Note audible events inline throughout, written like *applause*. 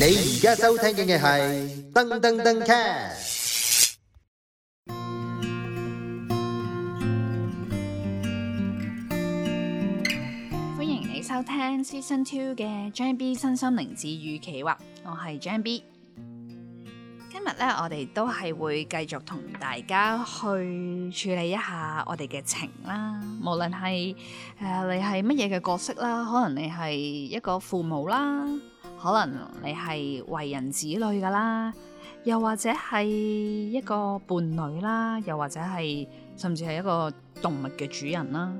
你而家收聽嘅係噔噔噔卡，歡迎你收聽 *music* Season Two 嘅張 B 身心靈治愈企劃，我係張 B。今日咧，我哋都係會繼續同大家去處理一下我哋嘅情啦，無論係誒你係乜嘢嘅角色啦，可能你係一個父母啦。可能你係為人子女㗎啦，又或者係一個伴侶啦，又或者係甚至係一個動物嘅主人啦。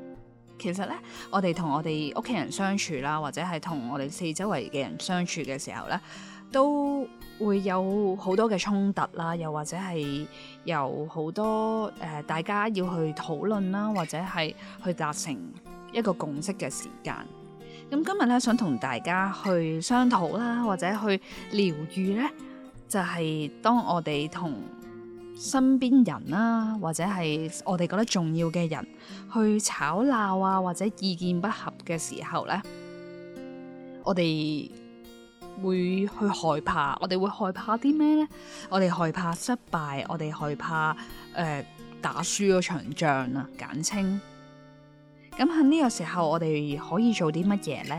其實呢，我哋同我哋屋企人相處啦，或者係同我哋四周圍嘅人相處嘅時候呢，都會有好多嘅衝突啦，又或者係有好多誒、呃，大家要去討論啦，或者係去達成一個共識嘅時間。咁今日咧，想同大家去商討啦，或者去療癒呢，就係、是，當我哋同身邊人啦，或者係我哋覺得重要嘅人去吵鬧啊，或者意見不合嘅時候呢，我哋會去害怕，我哋會害怕啲咩呢？我哋害怕失敗，我哋害怕誒、呃、打輸嗰場仗啊，簡稱。咁喺呢個時候，我哋可以做啲乜嘢呢？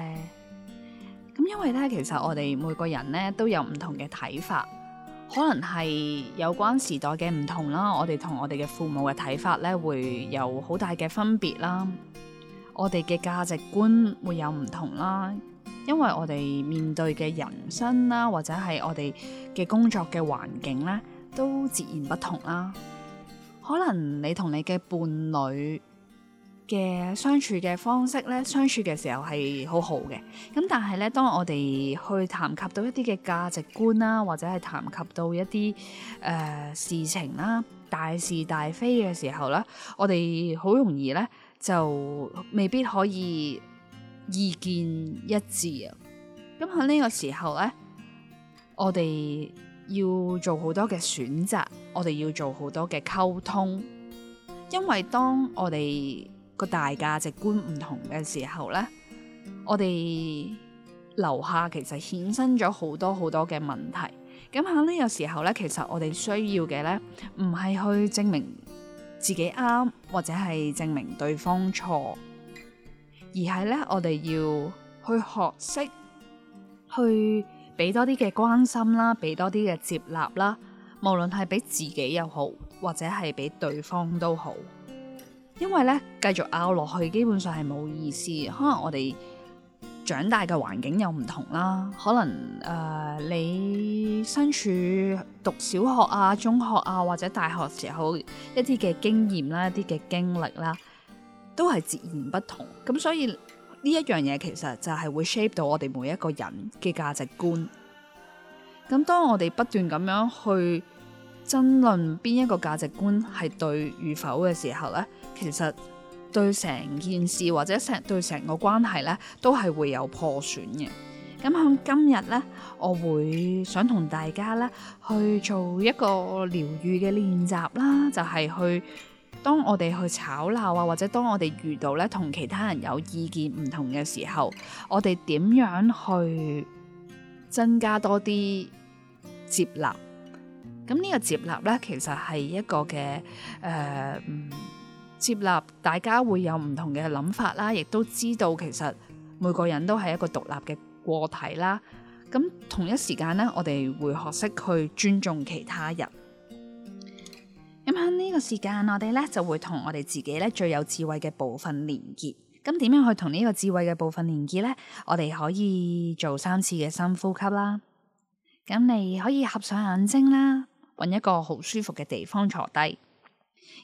咁因為咧，其實我哋每個人咧都有唔同嘅睇法，可能係有關時代嘅唔同啦。我哋同我哋嘅父母嘅睇法咧，會有好大嘅分別啦。我哋嘅價值觀會有唔同啦，因為我哋面對嘅人生啦，或者係我哋嘅工作嘅環境咧，都截然不同啦。可能你同你嘅伴侶。嘅相處嘅方式咧，相處嘅時候係好好嘅。咁但係咧，當我哋去談及到一啲嘅價值觀啦，或者係談及到一啲誒、呃、事情啦，大是大非嘅時候咧，我哋好容易咧就未必可以意見一致啊。咁喺呢個時候咧，我哋要做好多嘅選擇，我哋要做好多嘅溝通，因為當我哋個大價值觀唔同嘅時候呢，我哋樓下其實衍生咗好多好多嘅問題。咁可呢，有時候呢，其實我哋需要嘅呢，唔係去證明自己啱，或者係證明對方錯，而係呢，我哋要去學識去俾多啲嘅關心啦，俾多啲嘅接納啦，無論係俾自己又好，或者係俾對方都好。因為咧，繼續拗落去，基本上係冇意思。可能我哋長大嘅環境又唔同啦，可能誒、呃、你身處讀小學啊、中學啊或者大學時候一啲嘅經驗啦、一啲嘅經歷啦，都係截然不同。咁所以呢一樣嘢其實就係會 shape 到我哋每一個人嘅價值觀。咁當我哋不斷咁樣去爭論邊一個價值觀係對與否嘅時候呢，其實對成件事或者成對成個關係呢，都係會有破損嘅。咁響今日呢，我會想同大家呢去做一個療癒嘅練習啦，就係去當我哋去吵鬧啊，或者當我哋遇到呢同其他人有意見唔同嘅時候，我哋點樣去增加多啲接納？咁呢個接納咧，其實係一個嘅誒、呃、接納，大家會有唔同嘅諗法啦，亦都知道其實每個人都係一個獨立嘅個體啦。咁同一時間呢，我哋會學識去尊重其他人。咁喺呢個時間，我哋咧就會同我哋自己咧最有智慧嘅部分連結。咁點樣去同呢個智慧嘅部分連結呢？我哋可以做三次嘅深呼吸啦。咁你可以合上眼睛啦。搵一個好舒服嘅地方坐低，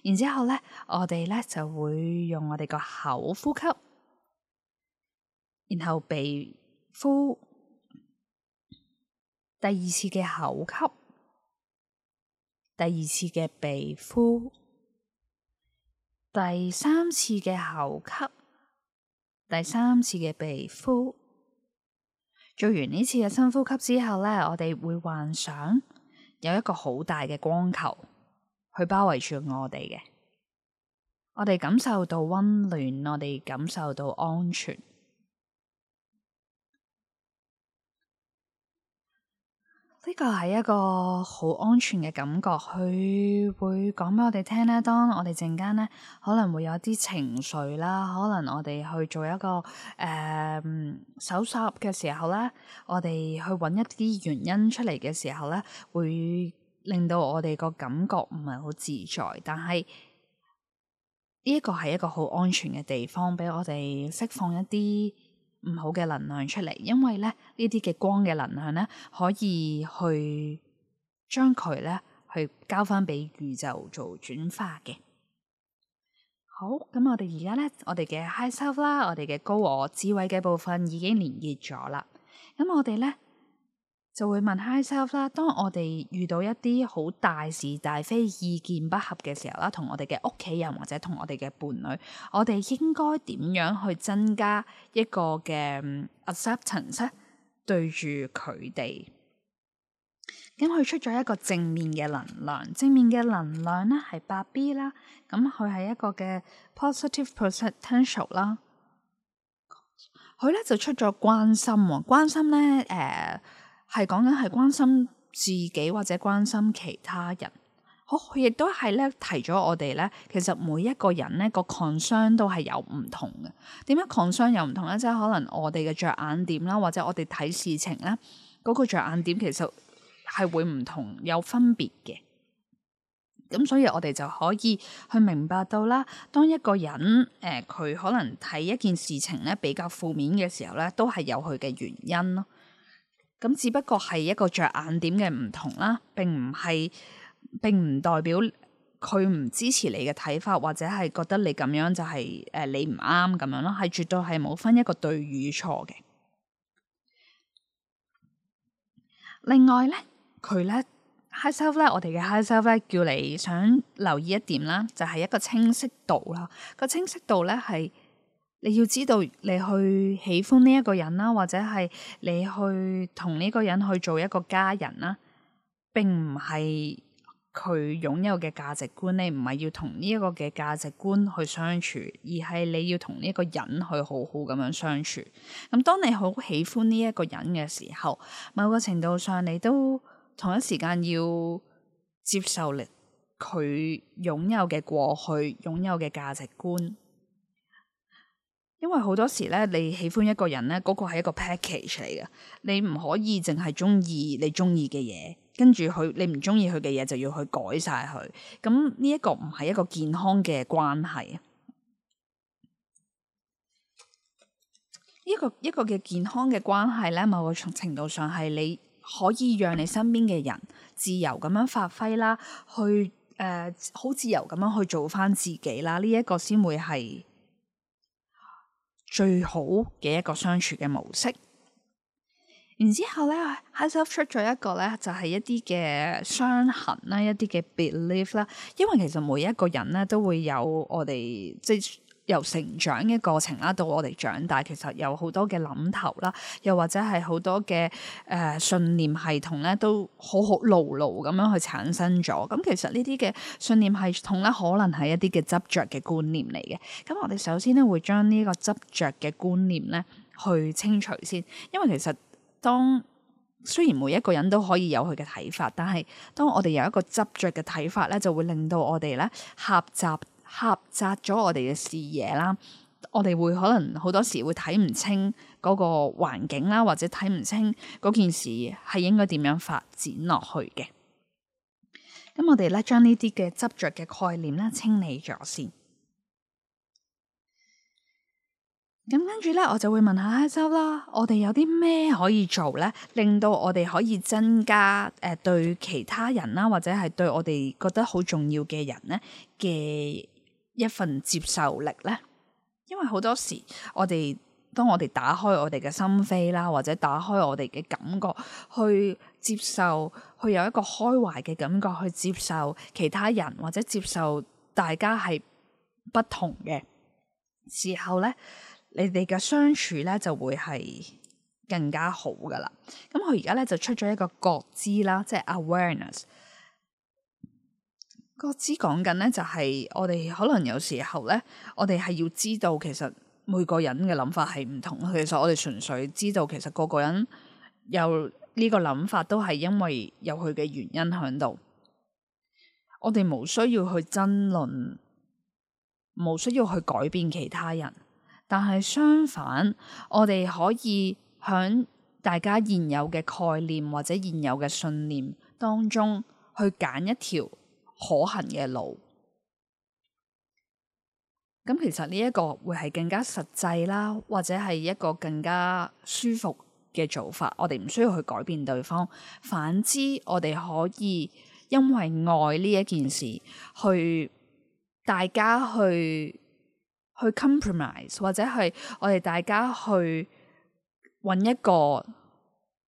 然之後呢，我哋呢就會用我哋個口呼吸，然後鼻呼，第二次嘅口吸，第二次嘅鼻呼，第三次嘅口吸，第三次嘅鼻，鼻呼。做完呢次嘅深呼吸之後呢，我哋會幻想。有一個好大嘅光球去包圍住我哋嘅，我哋感受到溫暖，我哋感受到安全。呢個係一個好安全嘅感覺，佢會講俾我哋聽咧。當我哋陣間咧可能會有啲情緒啦，可能我哋去做一個誒搜索嘅時候咧，我哋去揾一啲原因出嚟嘅時候咧，會令到我哋個感覺唔係好自在。但係呢、這個、一個係一個好安全嘅地方，俾我哋釋放一啲。唔好嘅能量出嚟，因為咧呢啲嘅光嘅能量咧，可以去將佢咧去交翻俾宇宙做轉化嘅。好，咁我哋而家咧，我哋嘅 high self 啦，我哋嘅高我智慧嘅部分已經連結咗啦。咁我哋咧。就會問 Higher Self 啦。當我哋遇到一啲好大是大非、意見不合嘅時候啦，同我哋嘅屋企人或者同我哋嘅伴侶，我哋應該點樣去增加一個嘅 acceptance 對住佢哋？咁佢出咗一個正面嘅能量，正面嘅能量呢係八 B 啦。咁佢係一個嘅 positive potential 啦。佢呢就出咗關心喎，關心呢。誒、呃。係講緊係關心自己或者關心其他人，好，佢亦都係咧提咗我哋咧，其實每一個人咧個創傷都係有唔同嘅。點解創傷有唔同咧？即係可能我哋嘅着眼點啦，或者我哋睇事情咧，嗰個着眼點其實係會唔同有分別嘅。咁所以我哋就可以去明白到啦。當一個人誒，佢可能睇一件事情咧比較負面嘅時候咧，都係有佢嘅原因咯。咁只不過係一個着眼點嘅唔同啦，並唔係，並唔代表佢唔支持你嘅睇法，或者係覺得你咁樣就係誒你唔啱咁樣咯，係絕對係冇分一個對與錯嘅。另外咧，佢咧，Higher Self 咧，我哋嘅 Higher Self 咧，叫你想留意一點啦，就係一個清晰度啦。個清晰度咧係。你要知道，你去喜歡呢一個人啦，或者係你去同呢個人去做一個家人啦，並唔係佢擁有嘅價值觀，你唔係要同呢一個嘅價值觀去相處，而係你要同呢一個人去好好咁樣相處。咁當你好喜歡呢一個人嘅時候，某個程度上，你都同一時間要接受佢擁有嘅過去，擁有嘅價值觀。因為好多時咧，你喜歡一個人咧，嗰個係一個 package 嚟嘅，你唔可以淨係中意你中意嘅嘢，跟住佢你唔中意佢嘅嘢就要去改晒佢。咁呢一個唔係一個健康嘅關係。呢個一個嘅健康嘅關係咧，某個從程度上係你可以讓你身邊嘅人自由咁樣發揮啦，去誒好自由咁樣去做翻自己啦。呢一個先會係。最好嘅一個相處嘅模式，然之後咧，開心出咗一個咧，就係一啲嘅傷痕啦，一啲嘅 belief 啦，因為其實每一個人咧都會有我哋即係。由成長嘅過程啦，到我哋長大，其實有好多嘅諗頭啦，又或者係好多嘅誒、呃、信念系統咧，都好好牢牢咁樣去產生咗。咁其實呢啲嘅信念系統咧，可能係一啲嘅執着嘅觀念嚟嘅。咁我哋首先咧會將呢個執着嘅觀念咧去清除先，因為其實當雖然每一個人都可以有佢嘅睇法，但係當我哋有一個執着嘅睇法咧，就會令到我哋咧狹窄。狹窄咗我哋嘅視野啦，我哋會可能好多時會睇唔清嗰個環境啦，或者睇唔清嗰件事係應該點樣發展落去嘅。咁我哋咧將呢啲嘅執着嘅概念咧清理咗先。咁跟住咧，我就會問一下阿周啦，我哋有啲咩可以做咧，令到我哋可以增加誒、呃、對其他人啦，或者係對我哋覺得好重要嘅人咧嘅。一份接受力咧，因為好多時我哋，當我哋打開我哋嘅心扉，啦，或者打開我哋嘅感覺去接受，去有一個開懷嘅感覺去接受其他人或者接受大家係不同嘅時候咧，你哋嘅相處咧就會係更加好噶啦。咁佢而家咧就出咗一個覺知啦，即係 awareness。個知講緊咧，就係我哋可能有時候咧，我哋係要知道其實每個人嘅諗法係唔同。其實我哋純粹知道其實個個人有呢個諗法，都係因為有佢嘅原因喺度。我哋冇需要去爭論，冇需要去改變其他人，但係相反，我哋可以響大家現有嘅概念或者現有嘅信念當中去揀一條。可行嘅路，咁其實呢一個會係更加實際啦，或者係一個更加舒服嘅做法。我哋唔需要去改變對方，反之我哋可以因為愛呢一件事，去大家去去 compromise，或者係我哋大家去揾一個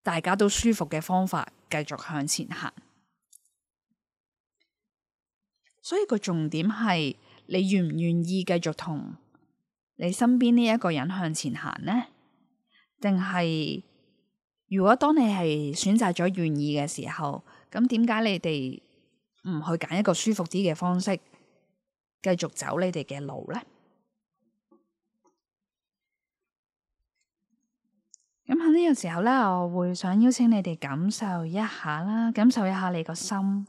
大家都舒服嘅方法，繼續向前行。所以個重點係你願唔願意繼續同你身邊呢一個人向前行呢？定係如果當你係選擇咗願意嘅時候，咁點解你哋唔去揀一個舒服啲嘅方式繼續走你哋嘅路呢？咁喺呢個時候咧，我會想邀請你哋感受一下啦，感受一下你個心，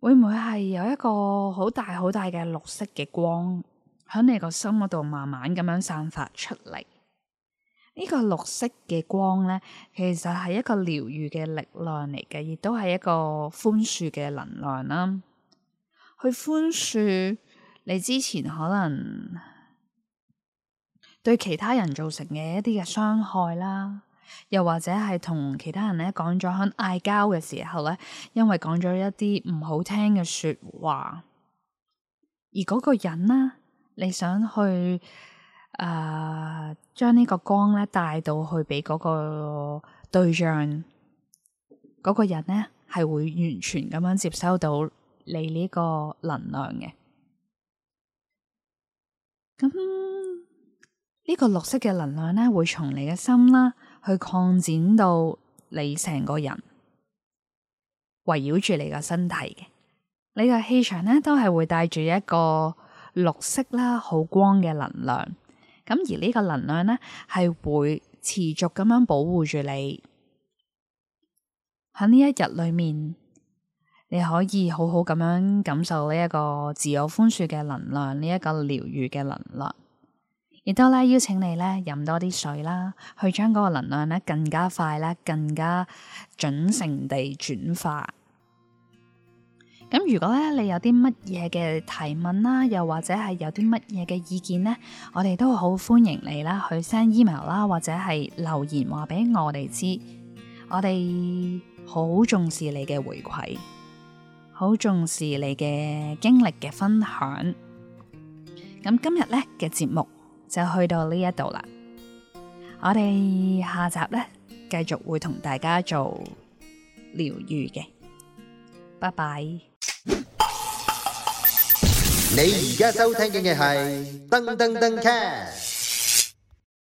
會唔會係有一個好大好大嘅綠色嘅光喺你個心嗰度慢慢咁樣散發出嚟？呢個綠色嘅光咧，其實係一個療癒嘅力量嚟嘅，亦都係一個寬恕嘅能量啦，去寬恕你之前可能對其他人造成嘅一啲嘅傷害啦。又或者係同其他人咧講咗喺嗌交嘅時候咧，因為講咗一啲唔好聽嘅說話，而嗰個人呢，你想去誒、呃、將呢個光咧帶到去俾嗰個對象，嗰、嗰個人呢係會完全咁樣接收到你呢個能量嘅。咁、嗯、呢、呢個綠色嘅能量咧，會從你嘅心啦。去擴展到你成個人，圍繞住你個身體嘅，你嘅氣場呢，都係會帶住一個綠色啦，好光嘅能量。咁而呢個能量呢，係會持續咁樣保護住你喺呢一日裏面，你可以好好咁樣感受呢一個自我寬恕嘅能量，呢、這、一個療癒嘅能量。亦都咧邀請你咧飲多啲水啦，去將嗰個能量咧更加快咧更加準繩地轉化。咁如果咧你有啲乜嘢嘅提問啦，又或者係有啲乜嘢嘅意見呢，我哋都好歡迎你啦去 send email 啦，或者係留言話俾我哋知，我哋好重視你嘅回饋，好重視你嘅經歷嘅分享。咁今日咧嘅節目就去到呢一度啦，我哋下集咧繼續會同大家做療愈嘅，拜拜。你而家收聽嘅係噔噔噔 c